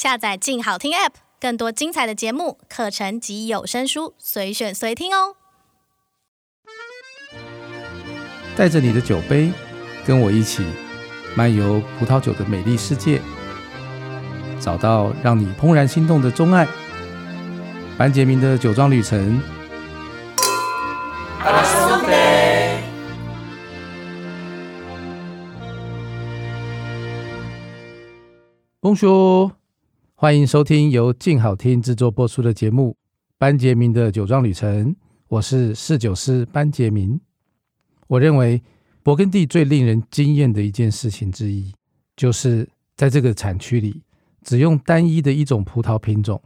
下載“勁好聽 ”App，更多精彩的節目、課程及有聲書，隨選隨聽哦。帶着你的酒杯，跟我一起漫遊葡萄酒的美麗世界，找到讓你怦然心動的鍾愛。班傑銘的酒莊旅程。乾杯！恭祝。歡迎收聽由靜好聽制作播出的節目《班傑銘的酒莊旅程》。我是侍酒師班傑銘。我認為勃艮第最令人驚艷的一件事情之一，就是在這個產區裡，只用單一的一種葡萄品種，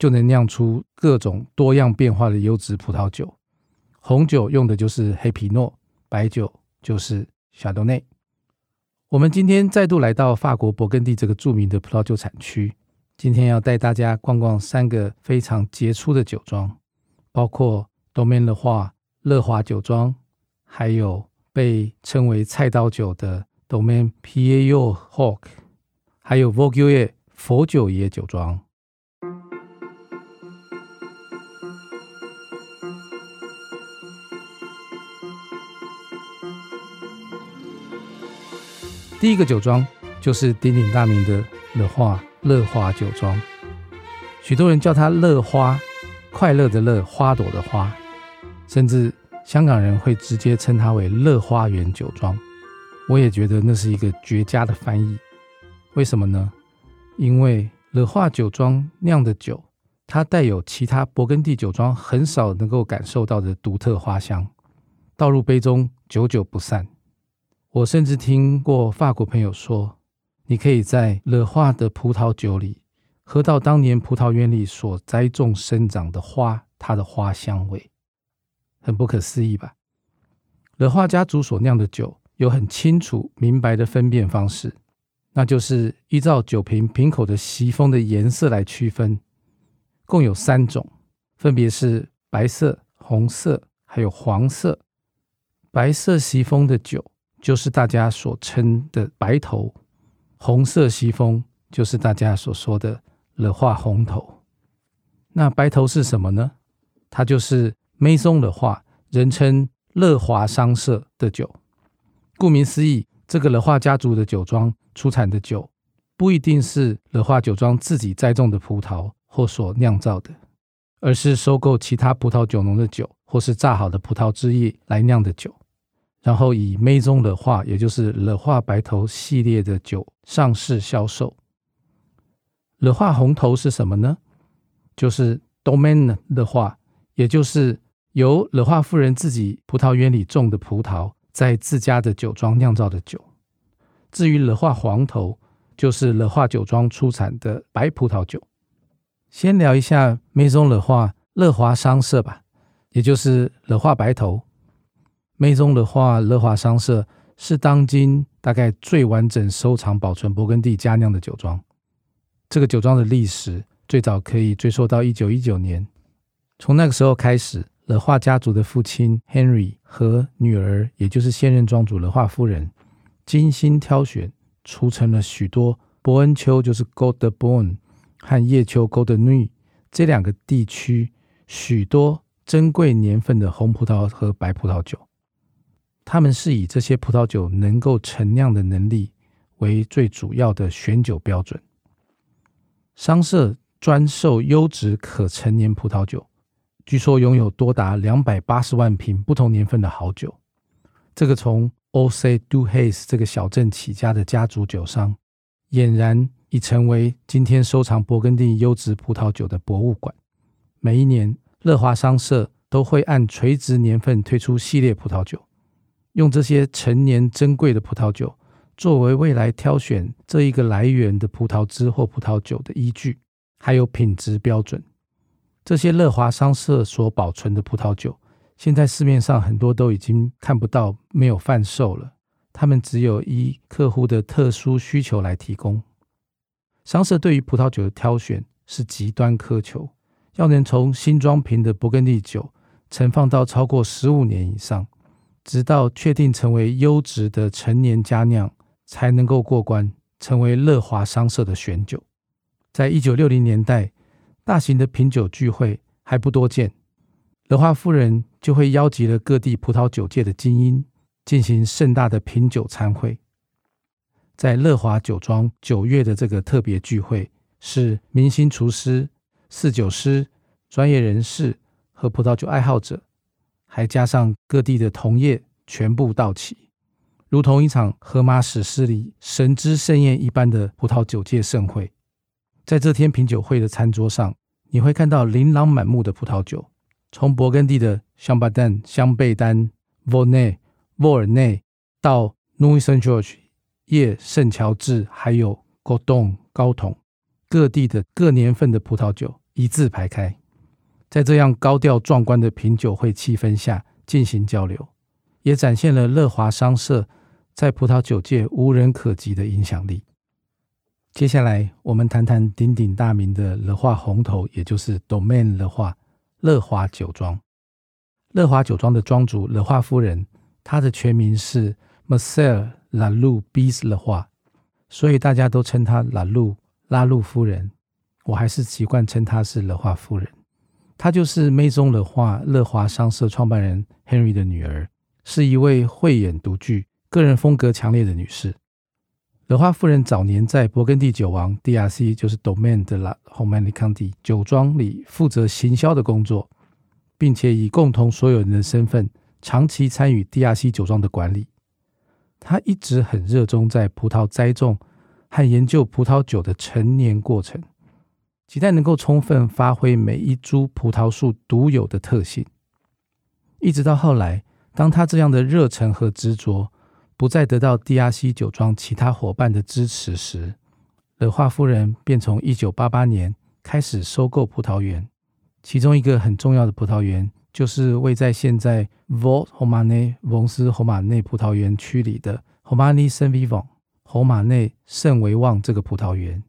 就能釀出各種多樣變化的優質葡萄酒。紅酒用的就是黑皮諾，白酒就是夏多內。我們今天再度來到法國勃艮第這個著名的葡萄酒產區。今天要帶大家逛逛三個非常傑出的酒莊，包括 Domaine Leroy 樂華酒莊，還有被稱為菜刀酒的 Domaine Prieuré Roch，還有 Vogüé 佛酒爺酒莊。第一個酒莊就是鼎鼎大名的樂華。樂華酒莊，許多人叫它“樂花”，快樂的樂，花朵的花，甚至香港人會直接稱它為“樂花園酒莊”。我也覺得那是一個絕佳的翻譯。為什麼呢？因為樂華酒莊釀的酒，它帶有其他勃艮第酒莊很少能夠感受到的獨特花香，倒入杯中，久久不散。我甚至聽過法國朋友說。你可以在樂華的葡萄酒裡喝到當年葡萄園裡所栽種生長的花，它的花香味很不可思議吧？樂華家族所釀的酒有很清楚明白的分辨方式，那就是依照酒瓶瓶口的錫封的顏色來區分，共有三種，分別是白色、紅色還有黃色。白色錫封的酒就是大家所稱的白頭。紅色西風就是大家所說的樂華紅頭，那白頭是什麼呢？它就是梅松樂華，人稱樂華商社的酒。顧名思義，這個樂華家族的酒莊出產的酒，不一定是樂華酒莊自己栽種的葡萄或所釀造的，而是收購其他葡萄酒農的酒或是榨好的葡萄汁液來釀的酒。然後以 Maison 樂華，也就是樂華白頭系列的酒，上市銷售。樂華紅頭是什麼呢？就是 Domaine 樂華，也就是由樂華夫人自己葡萄園裡種的葡萄，在自家的酒莊釀造的酒。至於樂華黃頭，就是樂華酒莊出產的白葡萄酒。先聊一下 Maison 樂華樂華商社吧，也就是樂華白頭。梅宗樂華，樂華商社是當今大概最完整收藏、保存勃艮第佳釀的酒莊。這個酒莊的歷史最早可以追溯到一九一九年，從那個時候開始，樂華家族的父親 Henry 和女兒，也就是現任莊主樂華夫人，精心挑選、儲存了許多勃恩丘就是 Côte de Beaune 和夜丘 Côte de Nuits 這兩個地區許多珍貴年份的紅葡萄和白葡萄酒。他們是以這些葡萄酒能夠陳釀的能力為最主要的選酒標準。商社專售優質可陳年葡萄酒，據說擁有多達兩百八十萬瓶不同年份的好酒。這個從 Auxey-Duresses 這個小鎮起家的家族酒商，儼然已成為今天收藏勃艮第優質葡萄酒的博物館。每一年，樂華商社都會按垂直年份推出系列葡萄酒。用這些陳年珍貴的葡萄酒作為未來挑選這一個來源的葡萄汁或葡萄酒的依據，還有品質標準。這些樂華商社所保存的葡萄酒，現在市面上很多都已經看不到，沒有販售了。他們只有依客戶的特殊需求來提供。商社對於葡萄酒的挑選是極端苛求，要能從新裝瓶的勃艮第酒存放到超過十五年以上。直到確定成為優質的陳年佳釀，才能夠過關，成為樂華商社的選酒。在一九六零年代，大型的品酒聚會還不多見，樂華夫人就會邀集了各地葡萄酒界的精英，進行盛大的品酒餐會。在樂華酒莊九月的這個特別聚會，是明星廚師、侍酒師、專業人士和葡萄酒愛好者。還加上各地的同業全部到齊，如同一場《荷馬史詩》裡神之盛宴一般的葡萄酒界盛會。在這天品酒會的餐桌上，你會看到琳琅滿目的葡萄酒，從勃艮第的香巴丹、香貝丹、博內、博爾內到 Nuit Saint-Georges，夜聖喬治，還有古棟、高筒，各地的各年份的葡萄酒一字排開。在這樣高調壯觀的品酒會氣氛下進行交流，也展現了樂華商社在葡萄酒界無人可及的影響力。接下來，我們談談鼎鼎大名的樂華紅頭，也就是 Domain 樂華，樂華酒莊。樂華酒莊的莊主樂華夫人，她的全名是 Marcelle Lalou Bize 樂華，所以大家都稱她 Lalou，拉路夫人。我還是習慣稱她是樂華夫人。她就是梅宗樂花樂華商社創辦人 Henry 的女兒，是一位慧眼獨具、個人風格強烈的女士。樂花夫人早年在勃艮第酒王 DRC，就是 Domaine de la Romanée-Conti 酒莊裡負責行銷的工作，並且以共同所有人的身份長期參與 DRC 酒莊的管理。她一直很熱衷在葡萄栽種和研究葡萄酒的陳年過程。期待能夠充分發揮每一株葡萄樹獨有的特性。一直到後來，當他這樣的熱忱和執着不再得到 DRC 酒莊其他夥伴的支持時，樂華夫人便從一九八八年開始收購葡萄園。其中一個很重要的葡萄園，就是位在現在 Vosne-Romanée，翁斯侯馬內葡萄園區裡的 Romanée-Saint-Vivant，侯馬內聖維旺這個葡萄園。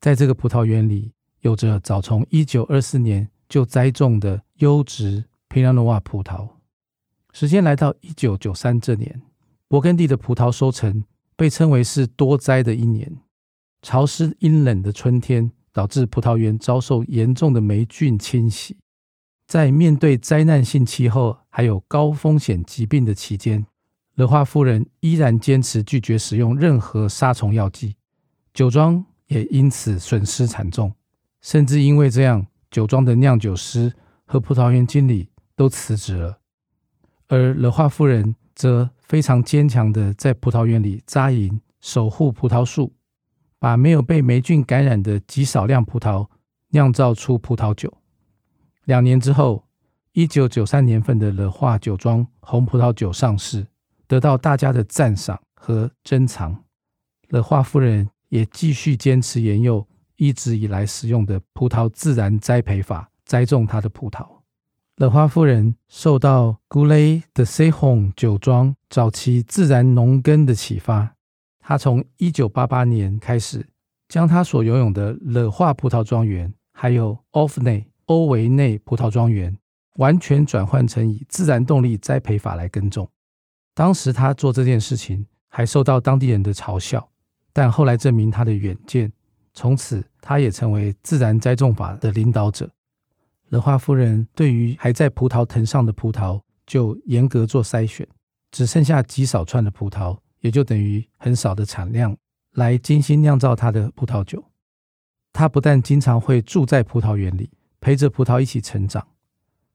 在這個葡萄園裡，有着早從一九二四年就栽種的優質平安諾華葡萄。時間來到一九九三這年，勃艮第的葡萄收成被稱為是多災的一年。潮濕陰冷的春天導致葡萄園遭受嚴重的霉菌侵襲。在面對災難性氣候還有高風險疾病的期間，勒華夫人依然堅持拒絕使用任何殺蟲藥劑，酒莊也因此損失慘重。甚至因為這樣，酒莊的釀酒師和葡萄園經理都辭職了，而樂華夫人則非常堅強的在葡萄園裡紮營，守護葡萄樹，把沒有被霉菌感染的極少量葡萄釀造出葡萄酒。兩年之後，一九九三年份的樂華酒莊紅葡萄酒上市，得到大家的讚賞和珍藏。樂華夫人也繼續堅持沿用。一直以來使用的葡萄自然栽培法栽種它的葡萄。勒花夫人受到 Coulée de Serrant 酒莊早期自然農耕的啟發，她從1988年開始，將她所擁有的勒花葡萄莊園，還有 d'Auvenay 歐維內葡萄莊園，完全轉換成以自然動力栽培法來耕種。當時她做這件事情還受到當地人的嘲笑，但後來證明她的遠見。從此，他也成為自然栽種法的領導者。樂華夫人對於還在葡萄藤上的葡萄，就嚴格做篩選，只剩下極少串的葡萄，也就等於很少的產量來精心釀造他的葡萄酒。他不但經常會住在葡萄園裡，陪着葡萄一起成長，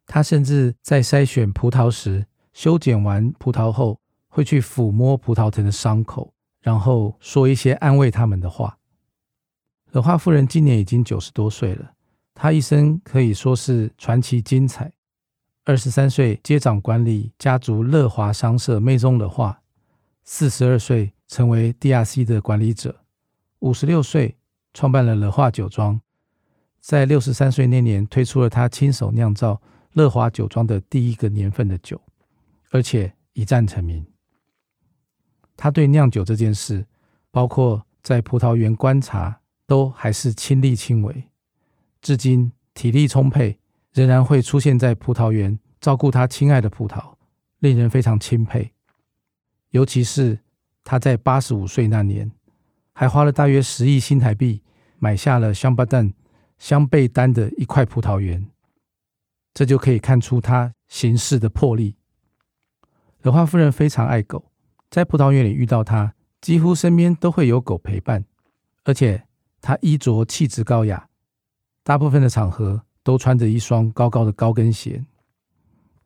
他甚至在篩選葡萄時，修剪完葡萄後，會去撫摸葡萄藤的傷口，然後說一些安慰他們的話。樂華夫人今年已經九十多歲了，她一生可以說是傳奇精彩。二十三歲接掌管理家族樂華商社，妹中樂華；四十二歲成為 DRC 的管理者；五十六歲創辦了樂華酒莊；在六十三歲那年推出了她親手釀造樂華酒莊的第一個年份的酒，而且一戰成名。她對釀酒這件事，包括在葡萄園觀察。都還是親力親為，至今體力充沛，仍然會出現在葡萄園照顧他親愛的葡萄，令人非常欽佩。尤其是他在八十五歲那年，還花了大約十億新台幣買下了香巴丹、香貝丹的一塊葡萄園，這就可以看出他行事的魄力。樂華夫人非常愛狗，在葡萄園裡遇到他，幾乎身邊都會有狗陪伴，而且，他衣着氣質高雅，大部分的場合都穿着一雙高高的高跟鞋。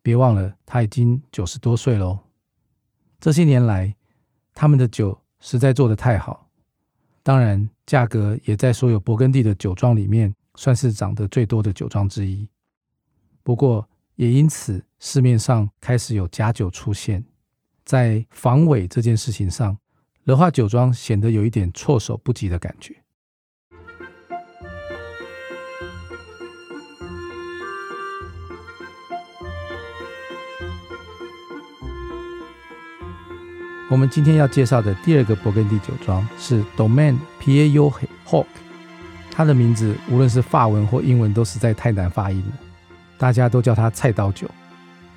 別忘了，他已經九十多歲咯。這些年來，他們的酒實在做得太好，當然價格也在所有勃艮第的酒莊裡面算是漲得最多的酒莊之一。不過，也因此市面上開始有假酒出現，在防偽這件事情上，樂華酒莊顯得有一點措手不及的感覺。我們今天要介紹的第二個勃艮第酒莊是 Domaine Prieuré Roch，它的名字無論是法文或英文都實在太難發音了，大家都叫它菜刀酒。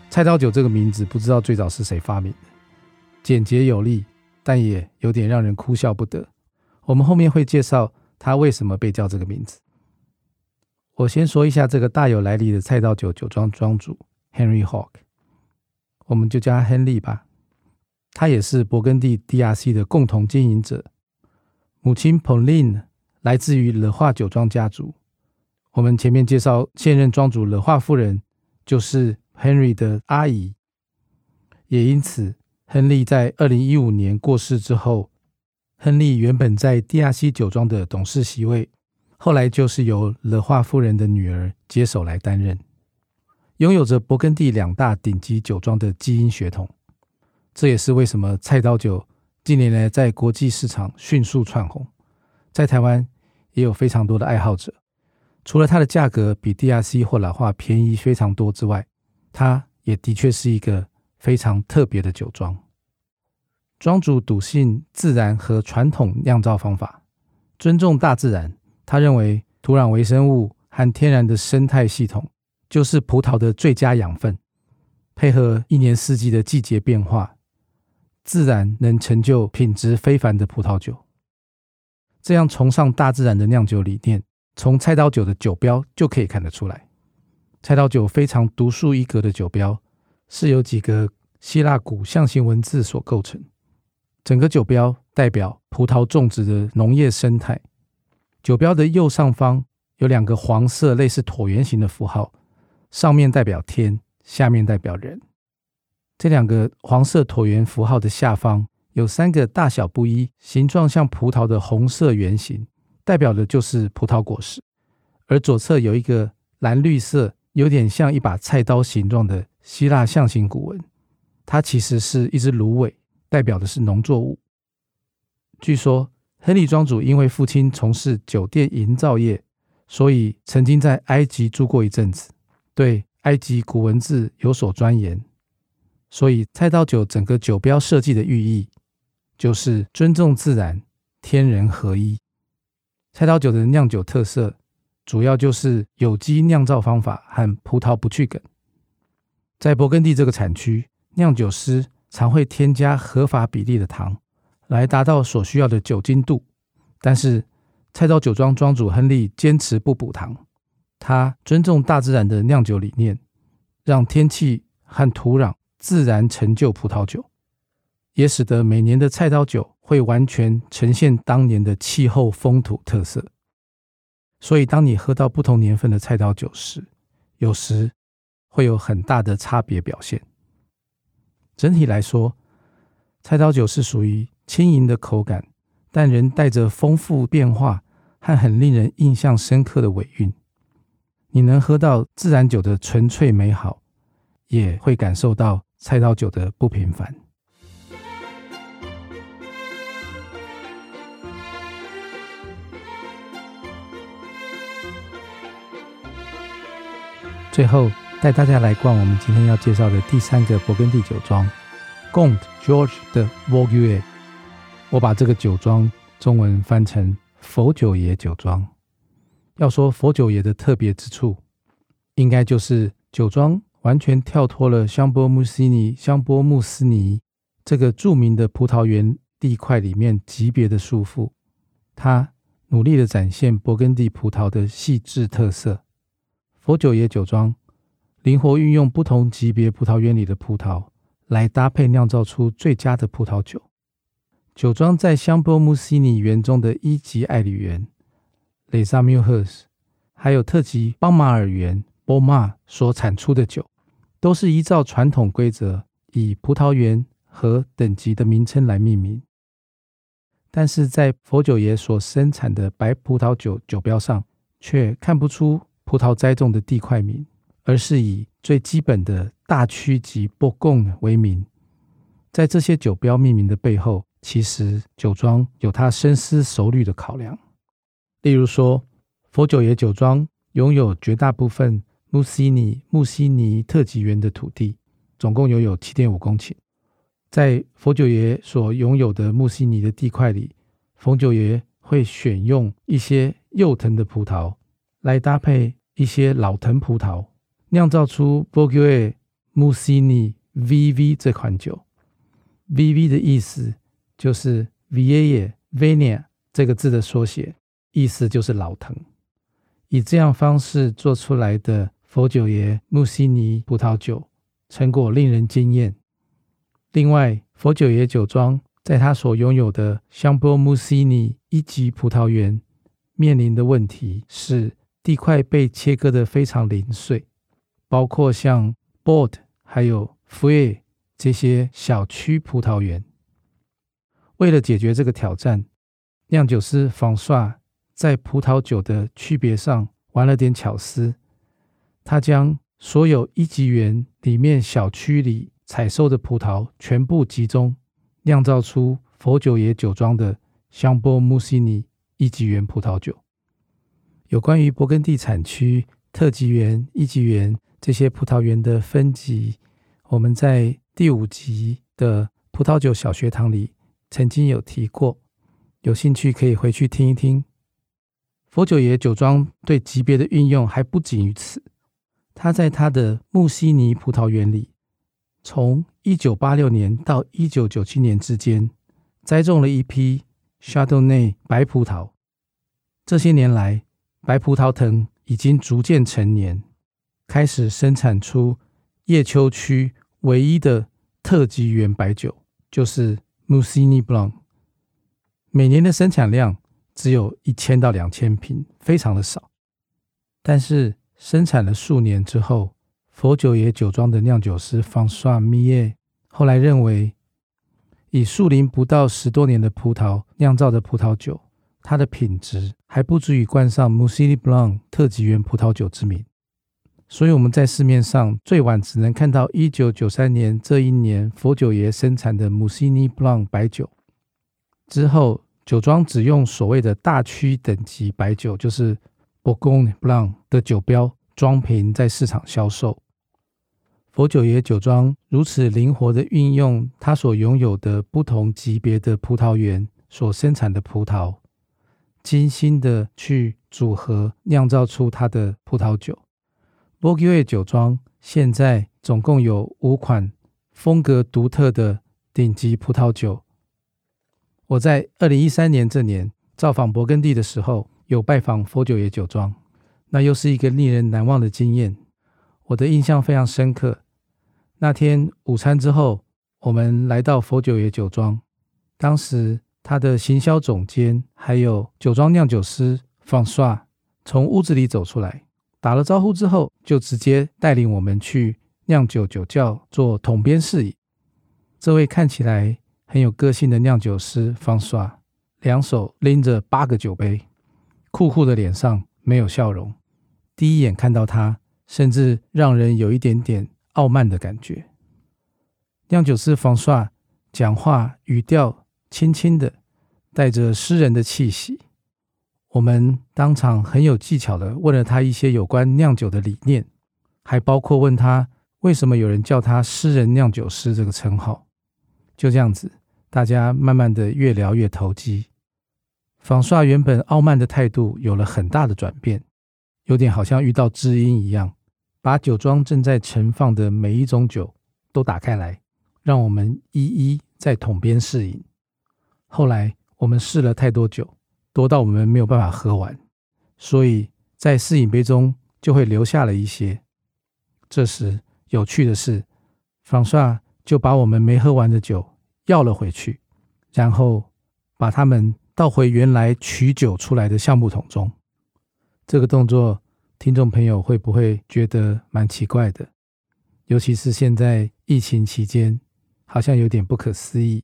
菜刀酒這個名字不知道最早是誰發明的，簡潔有力，但也有點讓人哭笑不得。我們後面會介紹它為什麼被叫這個名字。我先說一下這個大有來歷的菜刀酒酒莊莊主 Henry Roch，我們就叫他亨利吧。他也是勃艮第 DRC 的共同經營者，母親 Pauline 來自於勒化酒莊家族。我們前面介紹現任莊主勒化夫人就是 Henry 的阿姨，也因此亨利在2015年過世之後，亨利原本在 DRC 酒莊的董事席位，後來就是由勒化夫人的女兒接手來擔任，擁有着勃艮第兩大頂級酒莊的基因血統。這也是為什麼菜刀酒近年來在國際市場迅速竄紅，在台灣也有非常多的愛好者。除了它的價格比 DRC 或樂華便宜非常多之外，它也的確是一個非常特別的酒莊。莊主篤信自然和傳統釀造方法，尊重大自然。他認為，土壤微生物和天然的生態系統就是葡萄的最佳養分，配合一年四季的季節變化。自然能成就品質非凡的葡萄酒。這樣崇尚大自然的釀酒理念，從菜刀酒的酒標就可以看得出來。菜刀酒非常獨樹一格的酒標，是由幾個希臘古象形文字所構成。整個酒標代表葡萄種植的農業生態。酒標的右上方有兩個黃色類似橢圓形的符號，上面代表天，下面代表人。這兩個黃色橢圓符號的下方有三個大小不一、形狀像葡萄的紅色圓形，代表的就是葡萄果實。而左側有一個藍綠色、有點像一把菜刀形狀的希臘象形古文，它其實是一隻蘆葦，代表的是農作物。據說亨利莊主因為父親從事酒店營造業，所以曾經在埃及住過一陣子，對埃及古文字有所鑽研。所以，菜刀酒整個酒標設計的寓意就是尊重自然、天人合一。菜刀酒的釀酒特色主要就是有機釀造方法和葡萄不去梗。在勃艮第這個產區，釀酒師常會添加合法比例的糖來達到所需要的酒精度，但是菜刀酒莊莊主亨利堅持不補糖，他尊重大自然的釀酒理念，讓天氣和土壤，自然成就葡萄酒，也使得每年的菜刀酒會完全呈現當年的氣候風土特色。所以，當你喝到不同年份的菜刀酒時，有時會有很大的差別表現。整體來說，菜刀酒是屬於輕盈的口感，但仍帶着豐富變化和很令人印象深刻的尾韻。你能喝到自然酒的純粹美好，也會感受到。菜刀酒的不平凡。最後，帶大家來逛我們今天要介紹的第三個勃艮第酒莊，Comte Georges de Vogüé。我把這個酒莊中文翻成“佛酒爺酒莊”。要說佛酒爺的特別之處，應該就是酒莊。完全跳脫了香波穆西尼、香波穆斯尼這個著名的葡萄園地塊裡面級別的束縛，它努力的展現勃艮第葡萄的細緻特色。佛酒爺酒莊靈活運用不同級別葡萄園裡的葡萄來搭配釀造出最佳的葡萄酒。酒莊在香波穆西尼園中的一級愛侶園、雷薩繆赫斯，us, 還有特級邦馬爾園。波瑪所產出的酒，都是依照傳統規則，以葡萄園和等級的名稱來命名。但是在佛酒爺所生產的白葡萄酒酒標上，卻看不出葡萄栽種的地塊名，而是以最基本的大區級波貢為名。在這些酒標命名的背後，其實酒莊有他深思熟慮的考量。例如說，佛酒爺酒莊擁有絕大部分。穆西尼穆西尼特級園的土地，總共擁有七點五公頃。在佛酒爺所擁有的穆西尼的地塊裡，佛酒爺會選用一些幼藤的葡萄來搭配一些老藤葡萄，釀造出 Vogue 穆西尼 V V 這款酒。V V 的意思就是 Vieille Vigne 這個字的縮寫，意思就是老藤。以這樣方式做出來的。佛酒爺穆西尼葡萄酒成果令人驚艷。另外，佛酒爺酒莊在他所擁有的香波穆西尼一級葡萄園面臨的問題是，地塊被切割得非常零碎，包括像 Bord 還有 Fre 這些小區葡萄園。為了解決這個挑戰，釀酒師方帥在葡萄酒的區別上玩了點巧思。他將所有一級園裡面小區裡採收的葡萄全部集中，釀造出佛酒爺酒莊的香波穆斯尼一級園葡萄酒。有關於勃艮第產區特級園、一級園這些葡萄園的分級，我們在第五集的葡萄酒小學堂裡曾經有提過，有興趣可以回去聽一聽。佛酒爺酒莊對級別的運用還不僅於此。他在他的穆西尼葡萄園裡，從1986年到1997年之間，栽種了一批夏多內白葡萄。這些年來，白葡萄藤已經逐漸成年，開始生產出夜丘區唯一的特級園白酒，就是穆西尼布朗。每年的生產量只有一千到兩千瓶，非常的少，但是。生產了數年之後，佛酒爺酒莊的釀酒師方算米耶後來認為，以樹齡不到十多年的葡萄釀造的葡萄酒，它的品質還不足以冠上 Musigny Blanc 特級園葡萄酒之名。所以我們在市面上最晚只能看到一九九三年這一年佛酒爺生產的 Musigny Blanc 白酒。之後，酒莊只用所謂的大區等級白酒，就是。勃宮布朗的酒標裝瓶，在市場銷售。佛酒爺酒莊如此靈活的運用他所擁有的不同級別的葡萄園所生產的葡萄，精心的去組合釀造出他的葡萄酒。佛酒爺酒莊現在總共有五款風格獨特的頂級葡萄酒。我在二零一三年這年造訪勃艮第的時候，有拜訪佛酒爺酒莊，那又是一個令人難忘的經驗，我的印象非常深刻。那天午餐之後，我們來到佛酒爺酒莊，當時他的行銷總監還有酒莊釀酒師 François 從屋子裡走出來，打了招呼之後，就直接帶領我們去釀酒酒窖做桶邊試飲。這位看起來很有個性的釀酒師 François，兩手拎着八個酒杯，酷酷的臉上沒有笑容，第一眼看到他，甚至讓人有一點點傲慢的感覺。釀酒師方帥講話語調輕輕的，帶着詩人的氣息。我們當場很有技巧的問了他一些有關釀酒的理念，還包括問他為什麼有人叫他“詩人釀酒師”這個稱號。就這樣子，大家慢慢的越聊越投機。仿刷原本傲慢的態度有了很大的轉變，有點好像遇到知音一樣，把酒莊正在存放的每一種酒都打開來，讓我們一一在桶邊試飲。後來我們試了太多酒，多到我們沒有辦法喝完，所以在試飲杯中就會留下了一些。這時有趣的是，仿刷就把我們沒喝完的酒要了回去，然後把他們。倒回原來取酒出來的橡木桶中，這個動作，聽眾朋友會不會覺得蠻奇怪的？尤其是現在疫情期間，好像有點不可思議。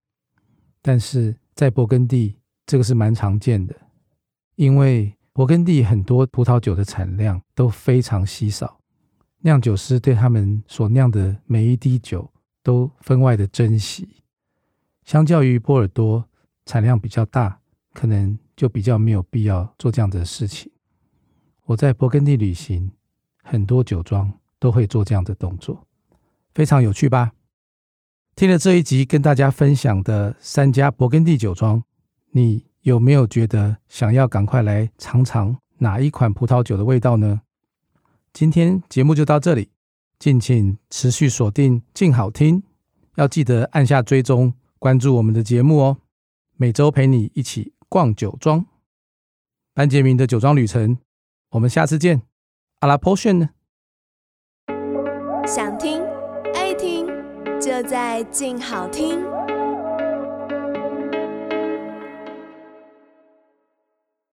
但是在勃艮第，這個是蠻常見的，因為勃艮第很多葡萄酒的產量都非常稀少，釀酒師對他們所釀的每一滴酒都分外的珍惜。相較於波爾多，產量比較大。可能就比較沒有必要做這樣的事情。我在勃艮第旅行，很多酒莊都會做這樣的動作，非常有趣吧？聽了這一集跟大家分享的三家勃艮第酒莊，你有沒有覺得想要趕快來嘗嘗哪一款葡萄酒的味道呢？今天節目就到這裡，敬請持續鎖定鏡好聽，要記得按下追蹤，關注我們的節目哦，每周陪你一起。逛酒莊，班傑銘的酒莊旅程，我們下次見。阿拉坡遜呢？想聽愛聽，就在靜好聽。